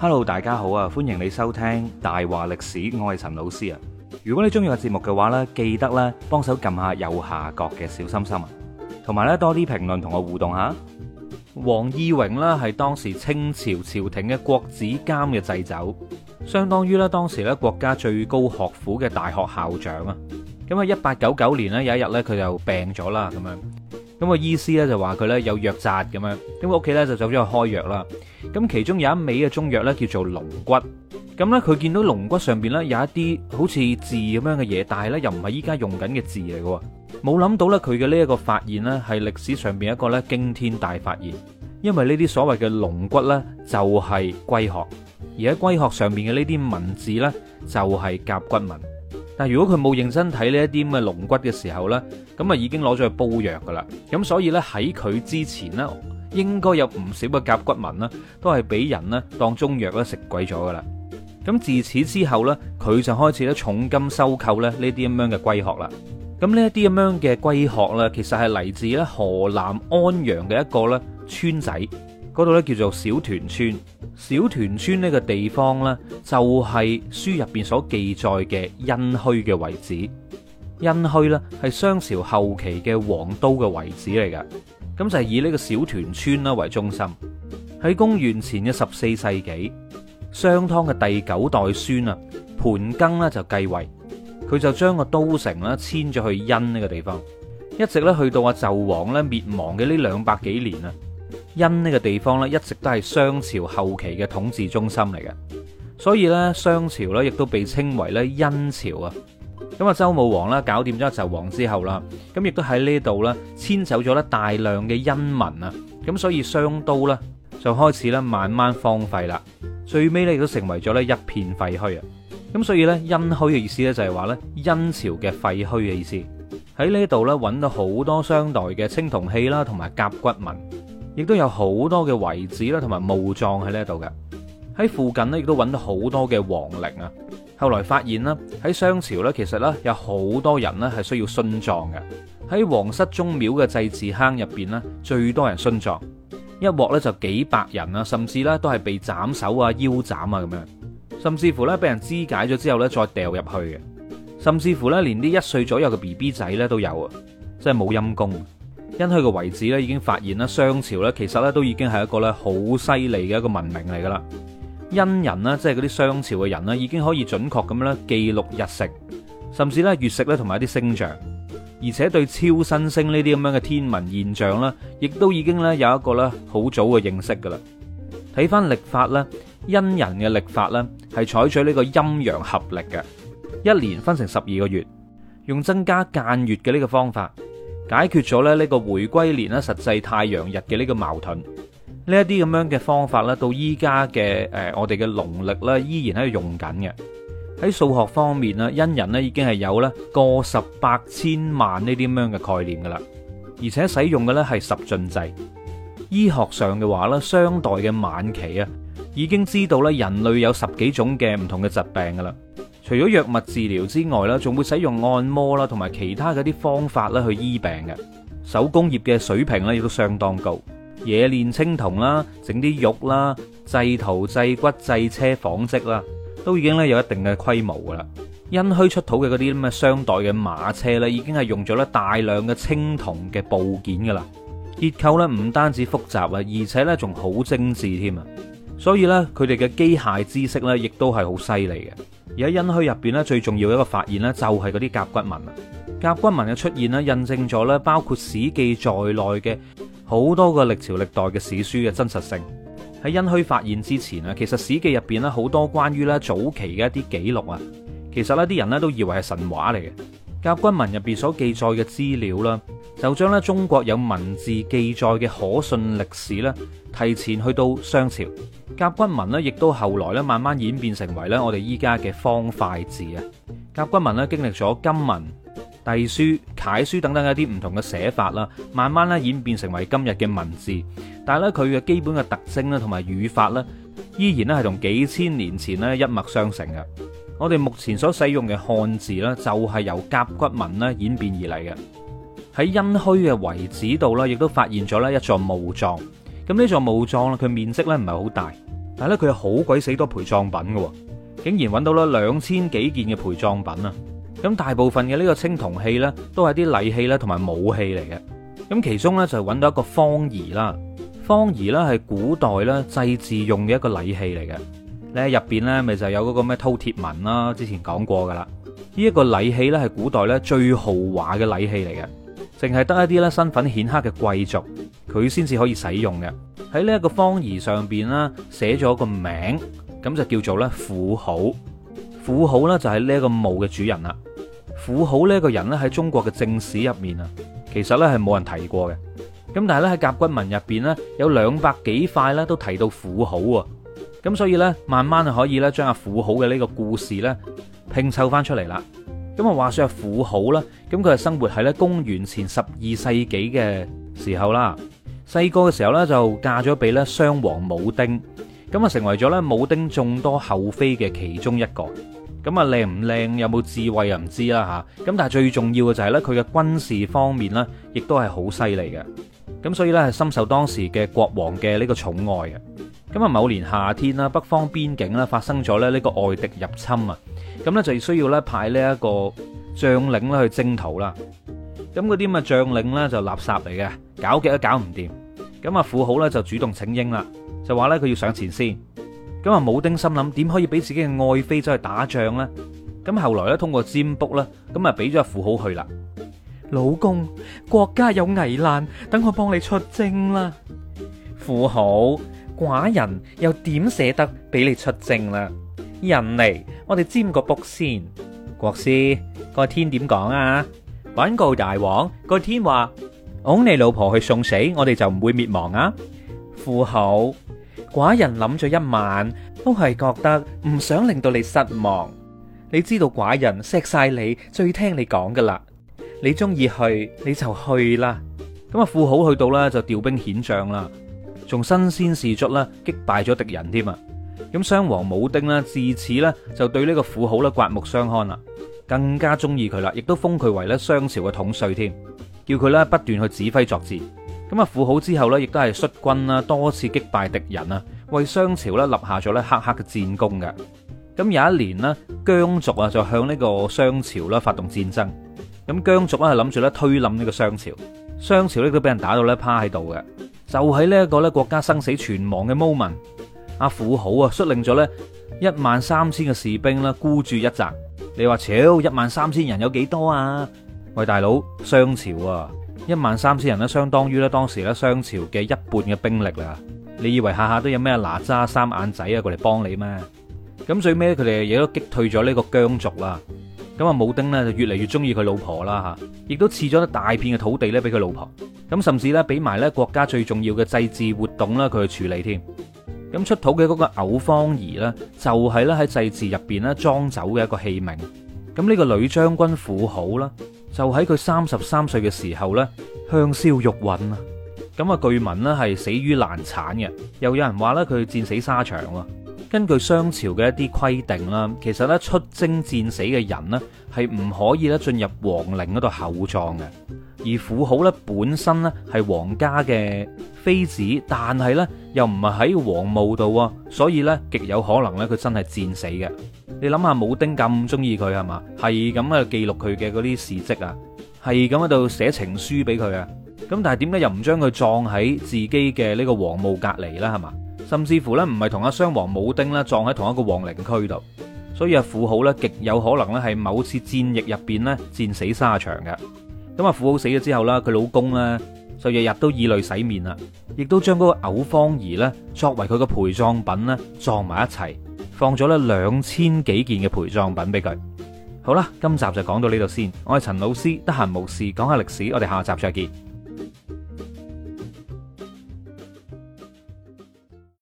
hello，大家好啊，歡迎你收聽大話歷史，我係陳老師啊。如果你中意個節目嘅話呢，記得咧幫手撳下右下角嘅小心心啊，同埋呢多啲評論同我互動下。王懿榮呢係當時清朝朝廷嘅國子監嘅祭酒，相當於咧當時咧國家最高學府嘅大學校長啊。咁啊，一八九九年呢，有一日呢，佢就病咗啦，咁樣。咁個醫師咧就話佢咧有藥渣咁樣，咁個屋企咧就走咗去開藥啦。咁其中有一味嘅中藥咧叫做龍骨。咁咧佢見到龍骨上邊咧有一啲好似字咁樣嘅嘢，但係咧又唔係依家用緊嘅字嚟嘅喎。冇諗到咧，佢嘅呢一個發現咧係歷史上邊一個咧驚天大發現，因為呢啲所謂嘅龍骨咧就係龜殼，而喺龜殼上邊嘅呢啲文字咧就係甲骨文。但如果佢冇認真睇呢一啲咁嘅龍骨嘅時候呢，咁啊已經攞咗去煲藥噶啦，咁所以呢，喺佢之前呢，應該有唔少嘅甲骨文呢，都係俾人呢當中藥咧食鬼咗噶啦，咁自此之後呢，佢就開始咧重金收購咧呢啲咁樣嘅龜殼啦，咁呢一啲咁樣嘅龜殼呢，其實係嚟自咧河南安陽嘅一個咧村仔。嗰度咧叫做小屯村，小屯村呢個地方呢，就係書入邊所記載嘅殷墟嘅位置。殷墟呢，係商朝後期嘅王都嘅位置嚟㗎，咁就係、是、以呢個小屯村啦為中心。喺公元前嘅十四世紀，商湯嘅第九代孫啊盤庚呢，就繼位，佢就將個都城呢遷咗去殷呢個地方，一直咧去到阿紂王咧滅亡嘅呢兩百幾年啊。殷呢個地方咧，一直都係商朝後期嘅統治中心嚟嘅，所以咧商朝咧亦都被稱為咧殷朝啊。咁啊，周武王啦搞掂咗紂王之後啦，咁亦都喺呢度咧遷走咗咧大量嘅殷民啊，咁所以商都咧就開始咧慢慢荒廢啦，最尾咧亦都成為咗咧一片廢墟啊。咁所以咧殷墟嘅意思咧就係話咧殷朝嘅廢墟嘅意思，喺呢度咧揾到好多商代嘅青銅器啦，同埋甲骨文。亦都有好多嘅遺址啦，同埋墓葬喺呢度嘅，喺附近呢，亦都揾到好多嘅王陵啊。後來發現咧，喺商朝呢，其實呢，有好多人呢係需要殉葬嘅。喺皇室宗廟嘅祭祀坑入邊呢，最多人殉葬，一鑊呢，就幾百人啊，甚至呢都係被斬首啊、腰斬啊咁樣，甚至乎呢，俾人肢解咗之後呢，再掉入去嘅，甚至乎呢，連啲一歲左右嘅 B B 仔呢都有啊，真係冇陰功。因佢嘅遺址咧，已經發現啦，商朝咧，其實咧都已經係一個咧好犀利嘅一個文明嚟噶啦。殷人呢，即係嗰啲商朝嘅人呢，已經可以準確咁樣記錄日食，甚至咧月食咧，同埋一啲星象，而且對超新星呢啲咁樣嘅天文現象咧，亦都已經咧有一個咧好早嘅認識噶啦。睇翻曆法咧，殷人嘅曆法咧係採取呢個陰陽合曆嘅，一年分成十二個月，用增加間月嘅呢個方法，解決咗咧呢個回歸年啦，實際太陽日嘅呢個矛盾，呢一啲咁樣嘅方法咧，到依家嘅誒我哋嘅農曆呢，依然喺度用緊嘅。喺數學方面啦，殷人咧已經係有咧個十百千萬呢啲咁樣嘅概念噶啦，而且使用嘅呢係十進制。醫學上嘅話呢，商代嘅晚期啊，已經知道咧人類有十幾種嘅唔同嘅疾病噶啦。除咗藥物治療之外啦，仲會使用按摩啦，同埋其他嗰啲方法啦，去醫病嘅。手工業嘅水平咧，亦都相當高。冶煉青銅啦，整啲玉啦，製陶、製骨、製車、紡織啦，都已經咧有一定嘅規模噶啦。殷墟出土嘅嗰啲咁嘅商代嘅馬車咧，已經係用咗咧大量嘅青銅嘅部件噶啦，結構咧唔單止複雜啊，而且咧仲好精緻添啊，所以咧佢哋嘅機械知識咧，亦都係好犀利嘅。而喺殷墟入邊咧，最重要一個發現咧，就係嗰啲甲骨文啊。甲骨文嘅出現咧，印證咗咧包括《史記》在內嘅好多個歷朝歷代嘅史書嘅真實性。喺殷墟發現之前啊，其實《史記》入邊咧好多關於咧早期嘅一啲記錄啊，其實呢啲人咧都以為係神話嚟嘅。甲骨文入邊所記載嘅資料啦，就將咧中國有文字記載嘅可信歷史咧，提前去到商朝。甲骨文呢，亦都後來咧慢慢演變成為咧我哋依家嘅方塊字啊。甲骨文咧經歷咗金文、隸書、楷書等等一啲唔同嘅寫法啦，慢慢咧演變成為今日嘅文字，但係咧佢嘅基本嘅特徵咧同埋語法咧，依然咧係同幾千年前咧一脈相承嘅。我哋目前所使用嘅漢字呢，就係由甲骨文咧演變而嚟嘅。喺殷墟嘅遺址度呢，亦都發現咗呢一座墓葬。咁呢座墓葬呢，佢面積呢唔係好大，但係咧佢好鬼死多陪葬品嘅，竟然揾到咧兩千幾件嘅陪葬品啊！咁大部分嘅呢個青銅器呢，都係啲禮器咧同埋武器嚟嘅。咁其中呢，就係揾到一個方彝啦，方彝呢，係古代呢祭祀用嘅一個禮器嚟嘅。咧入邊咧，咪就有嗰個咩饕餮紋啦，之前講過噶啦。呢一個禮器咧，係古代咧最豪華嘅禮器嚟嘅，淨係得一啲咧身份顯赫嘅貴族，佢先至可以使用嘅。喺呢一個方彝上邊咧，寫咗個名，咁就叫做咧婦好。婦好咧就係呢一個墓嘅主人啦。婦好呢一個人咧喺中國嘅正史入面啊，其實咧係冇人提過嘅。咁但係咧喺甲骨文入邊咧，有兩百幾塊咧都提到婦好喎。咁所以咧，慢慢就可以咧將阿婦好嘅呢個故事咧拼湊翻出嚟啦。咁啊，話說阿婦好咧，咁佢係生活喺咧公元前十二世紀嘅時候啦。細個嘅時候咧就嫁咗俾咧商王武丁，咁啊成為咗咧武丁眾多后妃嘅其中一個。咁啊靚唔靚，有冇智慧又唔知啦吓。咁但係最重要嘅就係咧佢嘅軍事方面咧，亦都係好犀利嘅。咁所以咧係深受當時嘅國王嘅呢個寵愛嘅。咁啊，某年夏天啦，北方邊境啦發生咗咧呢個外敵入侵啊，咁咧就需要咧派呢一個將領啦去征討啦。咁嗰啲咁嘅將領咧就垃圾嚟嘅，搞極都搞唔掂。咁啊，婦好咧就主動請纓啦，就話咧佢要上前先。咁啊，武丁心諗點可以俾自己嘅愛妃走去打仗咧？咁後來咧通過占卜啦，咁啊俾咗婦好去啦。老公，國家有危難，等我幫你出征啦。婦好。寡人又點捨得俾你出征啦？人嚟，我哋占個卜先。國師，個天點講啊？禀告大王，個天話：哄你老婆去送死，我哋就唔會滅亡啊！婦好，寡人諗咗一晚，都係覺得唔想令到你失望。你知道寡人識晒你，最聽你講噶啦。你中意去你就去啦。咁啊，婦好去到啦，就調兵遣將啦。仲身先士卒啦，擊敗咗敵人添啊！咁商王武丁啦，自此咧就對呢個婦好啦刮目相看啦，更加中意佢啦，亦都封佢為咧商朝嘅統帥添，叫佢咧不斷去指揮作戰。咁啊，婦好之後咧，亦都係率軍啦多次擊敗敵人啊，為商朝咧立下咗咧赫赫嘅戰功噶。咁有一年咧，姜族啊就向呢個商朝啦發動戰爭，咁姜族啊係諗住咧推冧呢個商朝，商朝咧都俾人打到咧趴喺度嘅。就喺呢一個咧國家生死存亡嘅 moment，阿婦好啊，率領咗咧一萬三千嘅士兵啦，孤注一擲。你話，屌一萬三千人有幾多啊？喂，大佬，商朝啊，一萬三千人呢，相當於咧當時咧商朝嘅一半嘅兵力啊。你以為下下都有咩哪吒三眼仔啊過嚟幫你咩？咁最尾，佢哋亦都擊退咗呢個羌族啦。咁阿武丁呢，就越嚟越中意佢老婆啦，吓，亦都賜咗一大片嘅土地咧俾佢老婆。咁甚至咧，俾埋咧國家最重要嘅祭祀活動啦，佢去處理添。咁出土嘅嗰個偶方彝啦，就係咧喺祭祀入邊咧裝酒嘅一個器皿。咁、這、呢個女將軍婦好啦，就喺佢三十三歲嘅時候咧香消玉殞啊。咁啊，據聞咧係死於難產嘅，又有人話咧佢戰死沙場咯。根據商朝嘅一啲規定啦，其實咧出征戰死嘅人咧係唔可以咧進入皇陵嗰度厚葬嘅。而婦好咧，本身咧係皇家嘅妃子，但係咧又唔係喺皇墓度，所以咧極有可能咧佢真係戰死嘅。你諗下武丁咁中意佢係嘛，係咁啊記錄佢嘅嗰啲事跡啊，係咁喺度寫情書俾佢啊。咁但係點解又唔將佢葬喺自己嘅呢個皇墓隔離啦？係嘛，甚至乎咧唔係同阿商王武丁咧葬喺同一個皇陵區度，所以啊，婦好咧極有可能咧係某次戰役入邊咧戰死沙場嘅。咁啊，婦好死咗之後啦，佢老公呢，就日日都以淚洗面啦，亦都將嗰個偶方彝呢，作為佢個陪葬品呢，葬埋一齊，放咗咧兩千幾件嘅陪葬品俾佢。好啦，今集就講到呢度先。我係陳老師，得閒無事講下歷史，我哋下集再見。